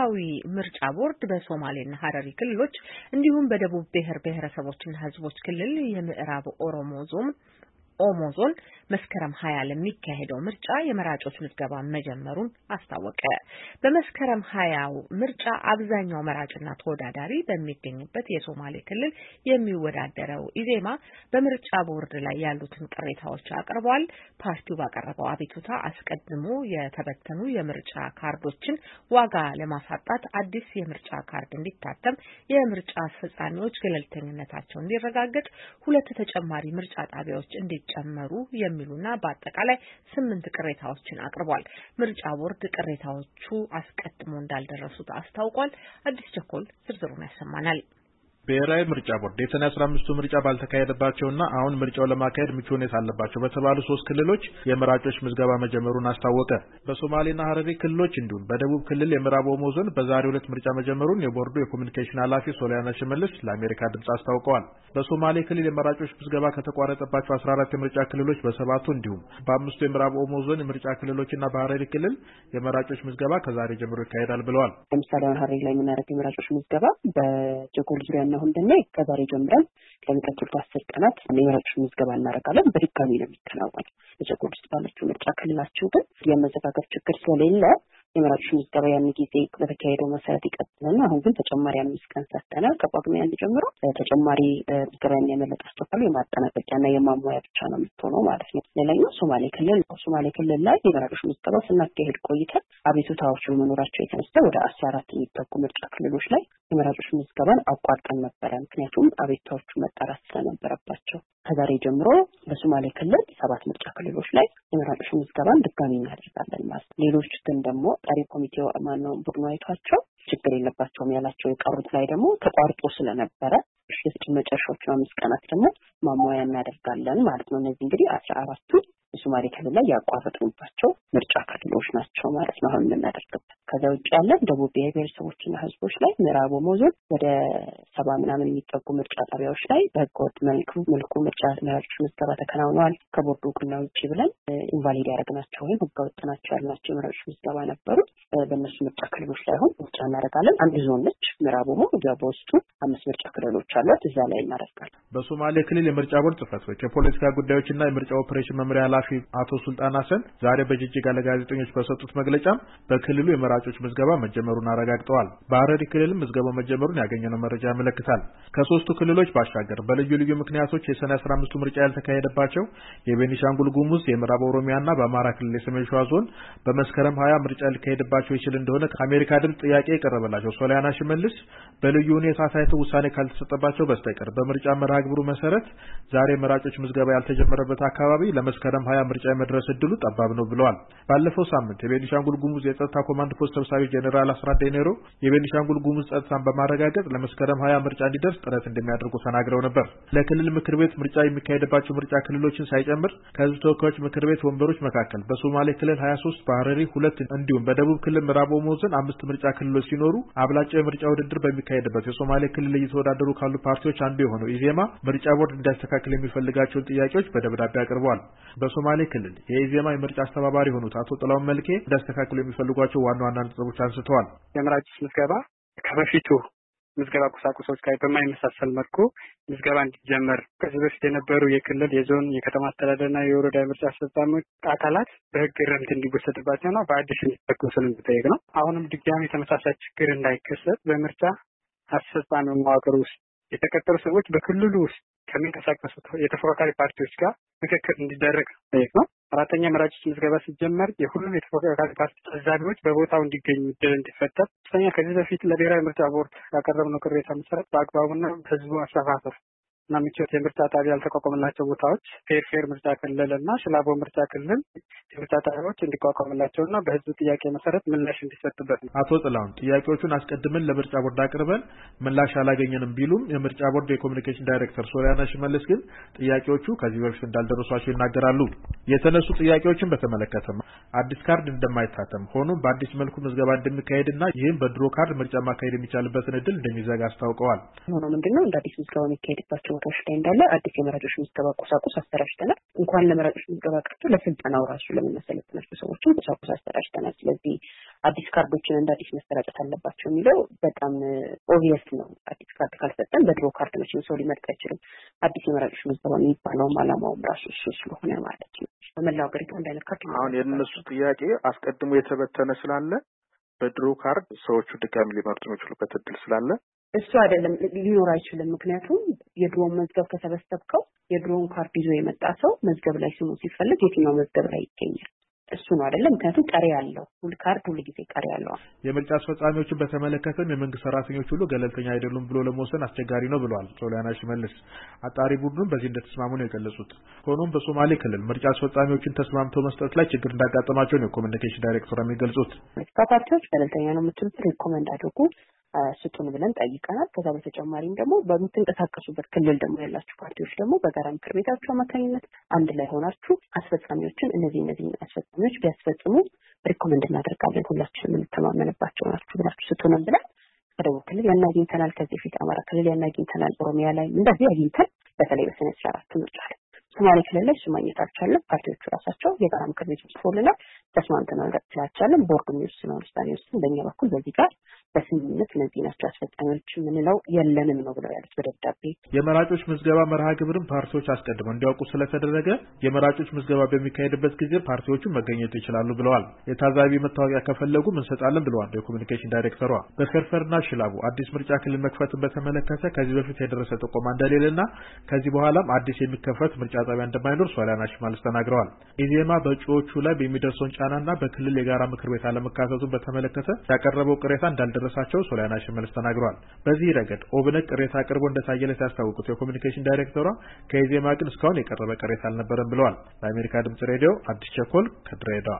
ብሔራዊ ምርጫ ቦርድ በሶማሌና ሀረሪ ክልሎች እንዲሁም በደቡብ ብሔር ብሔረሰቦችና ሕዝቦች ክልል የምዕራብ ኦሮሞ ዞን ኦሞ ዞን መስከረም ሀያ ለሚካሄደው ምርጫ የመራጮች ምዝገባ መጀመሩን አስታወቀ። በመስከረም ሀያው ምርጫ አብዛኛው መራጭና ተወዳዳሪ በሚገኝበት የሶማሌ ክልል የሚወዳደረው ኢዜማ በምርጫ ቦርድ ላይ ያሉትን ቅሬታዎች አቅርቧል። ፓርቲው ባቀረበው አቤቱታ አስቀድሞ የተበተኑ የምርጫ ካርዶችን ዋጋ ለማሳጣት አዲስ የምርጫ ካርድ እንዲታተም፣ የምርጫ አስፈጻሚዎች ገለልተኝነታቸው እንዲረጋገጥ፣ ሁለት ተጨማሪ ምርጫ ጣቢያዎች እንዲ ጨመሩ የሚሉና በአጠቃላይ ስምንት ቅሬታዎችን አቅርቧል። ምርጫ ቦርድ ቅሬታዎቹ አስቀድሞ እንዳልደረሱት አስታውቋል። አዲስ ቸኮል ዝርዝሩን ያሰማናል። ብሔራዊ ምርጫ ቦርድ የሰኔ አስራ አምስቱ ምርጫ ባልተካሄደባቸውና አሁን ምርጫው ለማካሄድ ምቹ ሁኔታ አለባቸው በተባሉ ሶስት ክልሎች የመራጮች ምዝገባ መጀመሩን አስታወቀ። በሶማሌና ሀረሪ ክልሎች እንዲሁም በደቡብ ክልል የምዕራብ ኦሞ ዞን በዛሬው ዕለት ምርጫ መጀመሩን የቦርዱ የኮሚኒኬሽን ኃላፊ ሶሊያና ሽመልስ ለአሜሪካ ድምፅ አስታውቀዋል። በሶማሌ ክልል የመራጮች ምዝገባ ከተቋረጠባቸው አስራ አራት የምርጫ ክልሎች በሰባቱ እንዲሁም በአምስቱ የምዕራብ ኦሞ ዞን ምርጫ ክልሎችና በሀረሪ ክልል የመራጮች ምዝገባ ከዛሬ ጀምሮ ይካሄዳል ብለዋል። ለምሳሌ ሀረሪ ላይ የምናደርግ የመራጮች ምዝገባ በጀጎል ዙሪያ አሁን ብናይ ከዛሬ ጀምረን ለሚቀጥሉት አስር ቀናት የመራጮች ምዝገባ እናደርጋለን። በድጋሚ ነው የሚከናወን። በጀጎል ውስጥ ባለችው ምርጫ ክልላችሁ ግን የመዘጋገብ ችግር ስለሌለ የመራጮች ምዝገባ ያን ጊዜ በተካሄደው መሰረት ይቀጥልና አሁን ግን ተጨማሪ አምስት ቀን ሰጥተናል። ከጳጉሜ አንድ ጀምሮ ተጨማሪ ምዝገባ ምዝገባን የመለጣቸው የማጠናቀቂያ የማጠናቀቂያና የማሟያ ብቻ ነው የምትሆነው ማለት ነው። ሌላኛው ሶማሌ ክልል ነው። ሶማሌ ክልል ላይ የመራጮች ምዝገባ ስናካሄድ ቆይተን አቤቱታዎች በመኖራቸው የተነሳ ወደ አስራ አራት የሚጠጉ ምርጫ ክልሎች ላይ የመራጮች ምዝገባን አቋርጠን ነበረ። ምክንያቱም አቤቱታዎቹ መጣራት ስለነበረባቸው ከዛሬ ጀምሮ በሶማሌ ክልል ሰባት ምርጫ ክልሎች ላይ የመራጮች ምዝገባን ድጋሚ እናደርጋለን ማለት ነው። ሌሎች ግን ደግሞ ጠሪ ኮሚቴው ማነው ቡድኑ አይቷቸው ችግር የለባቸውም ያላቸው የቀሩት ላይ ደግሞ ተቋርጦ ስለነበረ መጨረሻዎቹን አምስት ቀናት ደግሞ ማሟያ እናደርጋለን ማለት ነው። እነዚህ እንግዲህ አስራ አራቱን ሶማሌ ክልል ላይ ያቋረጥንባቸው ምርጫ ክልሎች ናቸው ማለት ነው። አሁን የምናደርግበት ከዛ ውጭ ያለን ደቡብ ብሔር ብሔረሰቦችና ህዝቦች ላይ ምዕራብ ኦሞ ዞን ወደ ሰባ ምናምን የሚጠጉ ምርጫ ጣቢያዎች ላይ በህገወጥ መልኩ መልኩ ምርጫ መራጮች ምዝገባ ተከናውነዋል ከቦርዱ እውቅና ውጭ ብለን ኢንቫሊድ ያደረግናቸው ወይም ህገወጥ ናቸው ያልናቸው የመራጮች ምዝገባ ነበሩ። በእነሱ ምርጫ ክልሎች ላይ አሁን ምርጫ እናደርጋለን። አንድ ዞን ነች ምዕራብ ኦሞ። በውስጡ አምስት ምርጫ ክልሎች አሏት። እዛ ላይ እናደርጋለን። በሶማሌ ክልል የምርጫ ቦርድ ጽህፈት ቤት የፖለቲካ ጉዳዮችና የምርጫ ኦፕሬሽን መምሪያ ኃላፊ አቶ ሱልጣን ሀሰን ዛሬ በጅጅጋ ለጋዜጠኞች በሰጡት መግለጫም በክልሉ የመራጮች ምዝገባ መጀመሩን አረጋግጠዋል። በሀረሪ ክልልም ምዝገባው መጀመሩን ያገኘነው መረጃ ያመለክታል። ከሶስቱ ክልሎች ባሻገር በልዩ ልዩ ምክንያቶች የሰኔ አስራ አምስቱ ምርጫ ያልተካሄደባቸው የቤኒሻንጉል ጉሙዝ፣ የምዕራብ ኦሮሚያና በአማራ ክልል የሰሜን ሸዋ ዞን በመስከረም ሀያ ምርጫ ሊካሄድባቸው ይችል እንደሆነ ከአሜሪካ ድምፅ ጥያቄ የቀረበላቸው ሶሊያና ሽመልስ በልዩ ሁኔታ ታይቶ ውሳኔ ካልተሰጠባቸው በስተቀር በምርጫ መርሃ ግብሩ መሰረት ዛሬ መራጮች ምዝገባ ያልተጀመረበት አካባቢ ለመስከረም 2020 ምርጫ የመድረስ እድሉ ጠባብ ነው ብለዋል። ባለፈው ሳምንት የቤኒሻንጉል ጉሙዝ የጸጥታ ኮማንድ ፖስት ሰብሳቢ ጀኔራል አስራት ዴኔሮ የቤኒሻንጉል ጉሙዝ ጸጥታን በማረጋገጥ ለመስከረም 20 ምርጫ እንዲደርስ ጥረት እንደሚያደርጉ ተናግረው ነበር። ለክልል ምክር ቤት ምርጫ የሚካሄድባቸው ምርጫ ክልሎችን ሳይጨምር ከህዝብ ተወካዮች ምክር ቤት ወንበሮች መካከል በሶማሌ ክልል 23፣ ባህረሪ ሁለት እንዲሁም በደቡብ ክልል ምዕራብ ኦሞ ዞን አምስት ምርጫ ክልሎች ሲኖሩ አብላጫው የምርጫ ውድድር በሚካሄድበት የሶማሌ ክልል እየተወዳደሩ ካሉ ፓርቲዎች አንዱ የሆነው ኢዜማ ምርጫ ቦርድ እንዲያስተካክል የሚፈልጋቸውን ጥያቄዎች በደብዳቤ አቅርበዋል። በሶማሌ ክልል የኢዜማ የምርጫ አስተባባሪ የሆኑት አቶ ጥላውን መልኬ እንዳስተካክሉ የሚፈልጓቸው ዋና ዋና ነጥቦች አንስተዋል። የመራጮች ምዝገባ ከበፊቱ ምዝገባ ቁሳቁሶች ጋር በማይመሳሰል መልኩ ምዝገባ እንዲጀመር ከዚህ በፊት የነበሩ የክልል፣ የዞን፣ የከተማ አስተዳደርና የወረዳ የምርጫ አስፈጻሚዎች አካላት በሕግ እርምት ነው በአዲስ እንዲጠቅሙ ስለሚጠየቅ ነው። አሁንም ድጋሚ ተመሳሳይ ችግር እንዳይከሰት በምርጫ አስፈጻሚ መዋቅር ውስጥ የተቀጠሩ ሰዎች በክልሉ ውስጥ ከሚንቀሳቀሱ የተፎካካሪ ፓርቲዎች ጋር ምክክር እንዲደረግ ጠየቅ ነው። አራተኛ መራጮች ምዝገባ ሲጀመር የሁሉም የተፎካካሪ ፓርቲ ታዛቢዎች በቦታው እንዲገኙ እድል እንዲፈጠር፣ ሶስተኛ ከዚህ በፊት ለብሔራዊ ምርጫ ቦርድ ያቀረብነው ቅሬታ መሰረት በአግባቡና ህዝቡ አሰፋፈር እና ምቾት የምርጫ ጣቢያ ያልተቋቋመላቸው ቦታዎች ፌርፌር ምርጫ ክልል እና ሽላቦ ምርጫ ክልል የምርጫ ጣቢያዎች እንዲቋቋምላቸውና በህዝብ ጥያቄ መሰረት ምላሽ እንዲሰጥበት ነው። አቶ ጥላሁን ጥያቄዎቹን አስቀድመን ለምርጫ ቦርድ አቅርበን ምላሽ አላገኘንም ቢሉም የምርጫ ቦርድ የኮሚኒኬሽን ዳይሬክተር ሶሊያና ሽመልስ ግን ጥያቄዎቹ ከዚህ በፊት እንዳልደረሷቸው ይናገራሉ። የተነሱ ጥያቄዎችን በተመለከተም አዲስ ካርድ እንደማይታተም ሆኖም በአዲስ መልኩ ምዝገባ እንደሚካሄድና ይህም በድሮ ካርድ ምርጫ ማካሄድ የሚቻልበትን እድል እንደሚዘጋ አስታውቀዋል። ሆኖ ምንድነው እንደ አዲስ ምዝገባ የሚካሄድባቸው ቦታዎች ላይ እንዳለ አዲስ የመራጮች ምዝገባ ቁሳቁስ አሰራጭተናል። እንኳን ለመራጮች ምዝገባ ቀርቶ ለስልጠናው ራሱ ለምናሰለጥናቸው ሰዎችም ቁሳቁስ አሰራጭተናል። ስለዚህ አዲስ ካርዶችን እንደ አዲስ መሰራጨት አለባቸው የሚለው በጣም ኦቪየስ ነው። አዲስ ካርድ ካልሰጠን በድሮ ካርድ መቼም ሰው ሊመርጥ አይችልም። አዲስ የመራጮች ምዝገባ የሚባለውም አላማውም ራሱ እሱ ስለሆነ ማለት ነው። በመላው ሀገሪቱ አንድ አይነት ካርድ አሁን የእነሱ ጥያቄ አስቀድሞ የተበተነ ስላለ በድሮ ካርድ ሰዎቹ ድጋሚ ሊመርጡ የሚችሉበት እድል ስላለ እሱ አይደለም ሊኖር አይችልም። ምክንያቱም የድሮን መዝገብ ከሰበሰብከው የድሮን ካርድ ይዞ የመጣ ሰው መዝገብ ላይ ስሙ ሲፈልግ የትኛው መዝገብ ላይ ይገኛል? እሱ ነው አይደለም። ምክንያቱም ቀሪ ያለው ሁል ካርድ ሁል ጊዜ ቀሪ ያለው። የምርጫ አስፈጻሚዎችን በተመለከተም የመንግስት ሰራተኞች ሁሉ ገለልተኛ አይደሉም ብሎ ለመወሰን አስቸጋሪ ነው ብለዋል ሶሊያና ሽመልስ። አጣሪ ቡድኑም በዚህ እንደተስማሙ ነው የገለጹት። ሆኖም በሶማሌ ክልል ምርጫ አስፈጻሚዎችን ተስማምተው መስጠት ላይ ችግር እንዳጋጠማቸው ነው የኮሚኒኬሽን ዳይሬክተር የሚገልጹት። ፖለቲካ ፓርቲዎች ገለልተኛ ነው የምትሉትን ሪኮመንድ አድርጉ ስጡን ብለን ጠይቀናል። ከዛ በተጨማሪም ደግሞ በምትንቀሳቀሱበት ክልል ደግሞ ያላችሁ ፓርቲዎች ደግሞ በጋራ ምክር ቤታችሁ አማካኝነት አንድ ላይ ሆናችሁ አስፈጻሚዎችን እነዚህ እነዚህ አስፈጻሚዎች ቢያስፈጽሙ ሪኮመንድ እናደርጋለን ሁላችን የምንተማመንባቸው ናችሁ ብላችሁ ስጡንም ብለን ከደቡብ ክልል ያናግኝተናል። ከዚህ በፊት አማራ ክልል ያናግኝተናል። ኦሮሚያ ላይ እንደዚህ አግኝተን በተለይ በስነ አስራ አራት ምርጫ ሶማሌ ክልል ላይ እሱ ማግኘት አልቻለም። ፓርቲዎቹ ራሳቸው የጋራ ምክር ቤት ጽፎልናል። ተስማምተናል ስላልቻለን ቦርድ የሚወስነውን ውሳኔ ውስጥ በእኛ በኩል በዚህ ጋር በስምምነት እነዚህ ናቸው አስፈጻሚዎች የምንለው የለንም ነው ብለው ያሉት በደብዳቤ። የመራጮች ምዝገባ መርሃ ግብርን ፓርቲዎች አስቀድመው እንዲያውቁ ስለተደረገ የመራጮች ምዝገባ በሚካሄድበት ጊዜ ፓርቲዎቹ መገኘት ይችላሉ ብለዋል። የታዛቢ መታወቂያ ከፈለጉ እንሰጣለን ብለዋል የኮሚኒኬሽን ዳይሬክተሯ። በከርፈርና ሽላቡ አዲስ ምርጫ ክልል መክፈትን በተመለከተ ከዚህ በፊት የደረሰ ጥቆማ እንደሌለና ከዚህ በኋላም አዲስ የሚከፈት ምርጫ ጣቢያ እንደማይኖር ሶሊያና ሽመልስ ተናግረዋል። ኢዜማ በእጩዎቹ ላይ በሚደርሰውን ጫናና በክልል የጋራ ምክር ቤት አለመካተቱን በተመለከተ ያቀረበው ቅሬታ እንዳልደ እንደደረሳቸው ሶሊያና ሽመልስ ተናግረዋል። በዚህ ረገድ ኦብነግ ቅሬታ አቅርቦ እንደታየለት ያስታወቁት የኮሚኒኬሽን ዳይሬክተሯ ከኢዜማ ግን እስካሁን የቀረበ ቅሬታ አልነበረም ብለዋል። ለአሜሪካ ድምጽ ሬዲዮ አዲስ ቸኮል ከድሬዳዋ